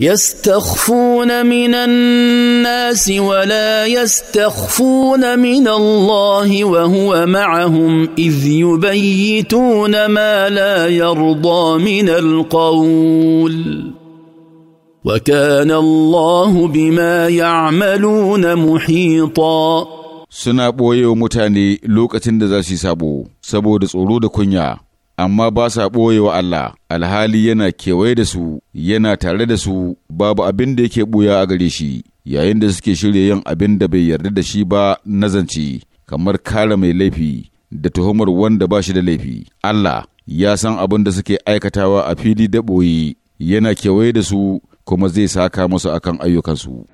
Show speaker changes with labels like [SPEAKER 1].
[SPEAKER 1] يستخفون من الناس ولا يستخفون من الله وهو معهم اذ يبيتون ما لا يرضى من القول وكان الله بما يعملون محيطا
[SPEAKER 2] suna ɓoye wa mutane lokacin da za su yi sabo saboda tsoro da kunya amma ba sa ɓoye wa Allah, alhali yana kewaye da su, yana tare da su, babu abin da yake ɓuya a gare shi, yayin da suke shirya yin abin da bai yarda da shi ba na zance, kamar kare mai laifi da tuhumar wanda ba shi da laifi. Allah ya san abin da suke aikatawa a fili da ɓoye, yana kewaye da su kuma zai saka musu akan ayyukansu.